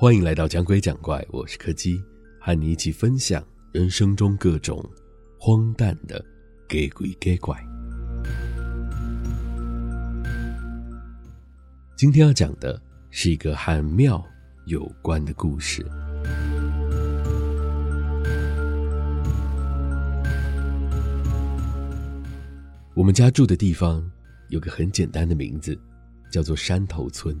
歡迎來到講鬼講怪，我是柯基，和你一起分享人生中各種荒誕的假鬼假怪。今天要講的是一個和廟有關的故事。我們家住的地方有個很簡單的名字，叫做山頭村。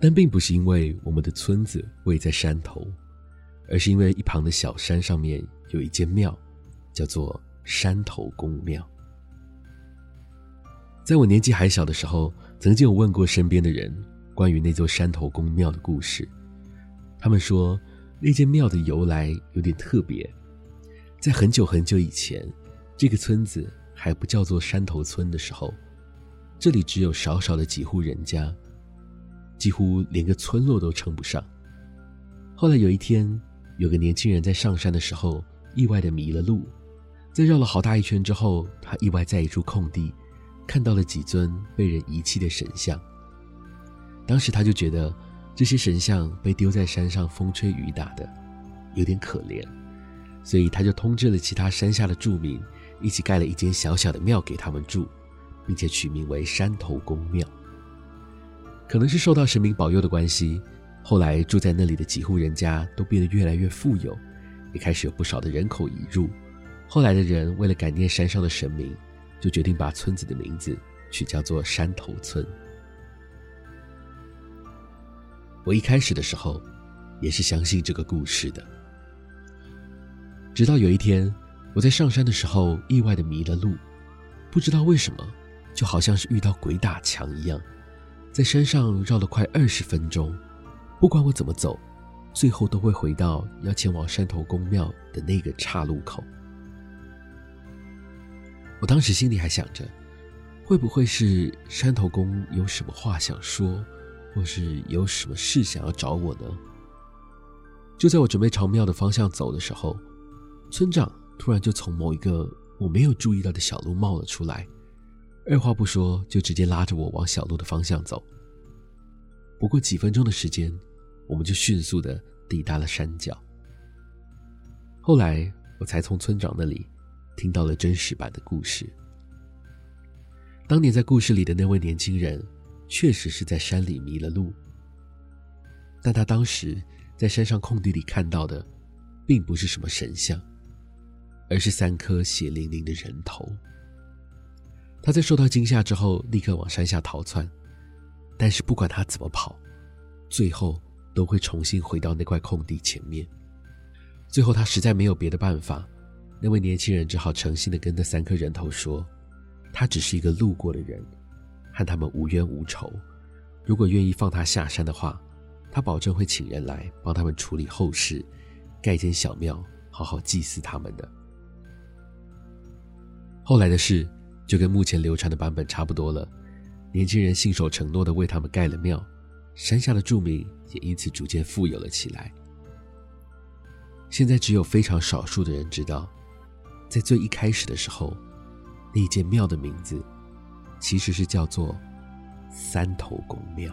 但並不是因為我們的村子位在山頭，而是因為一旁的小山上面有一間廟，叫做山頭公廟。在我年紀還小的時候，曾經有問過身邊的人關於那座山頭公廟的故事。他們說，那間廟的由來有點特別。在很久很久以前，這個村子還不叫做山頭村的時候，這裡只有少少的幾戶人家。幾乎連個村落都稱不上。後來有一天，有個年輕人在上山的時候意外的迷了路，在繞了好大一圈之後，他意外在一處空地看到了幾尊被人遺棄的神像。當時他就覺得這些神像被丟在山上風吹雨打的，有點可憐，所以他就通知了其他山下的住民，一起蓋了一間小小的廟給他們住，並且取名為山頭公廟。可能是受到神明保佑的關係，後來住在那裡的幾戶人家都變得越來越富有，也開始有不少的人口移入。後來的人為了感念山上的神明，就決定把村子的名字取叫做山頭村。我一開始的時候，也是相信這個故事的，直到有一天我在上山的時候意外地迷了路，不知道為什麼，就好像是遇到鬼打牆一樣。在山上繞了快二十分鐘，不管我怎麼走，最後都會回到要前往山頭公廟的那個岔路口。我當時心裡還想着，會不會是山頭公有什麼話想說，或是有什麼事想要找我呢？就在我準備朝廟的方向走的時候，村長突然就從某一個我沒有注意到的小路冒了出來。二話不說，就直接拉着我往小路的方向走。不過幾分鐘的時間，我們就迅速的抵達了山腳。後來，我才從村長那裡聽到了真實版的故事。當年在故事裡的那位年輕人，確實是在山裡迷了路，但他當時在山上空地裡看到的，並不是什麼神像，而是三顆血淋淋的人頭。他在受到驚嚇之後，立刻往山下逃竄，但是不管他怎麼跑，最後都會重新回到那塊空地前面。最後他實在沒有別的辦法，那位年輕人只好誠心的跟那三顆人頭說：“他只是一個路過的人，和他們無冤無仇。如果願意放他下山的話，他保證會請人來幫他們處理後事，蓋間小廟，好好祭祀他們的。”後來的事。就跟目前流傳的版本差不多了。年輕人信守承諾的為他們蓋了廟，山下的住民也因此逐漸富有了起來。現在只有非常少數的人知道，在最一開始的時候，那一間廟的名字其實是叫做三頭公廟。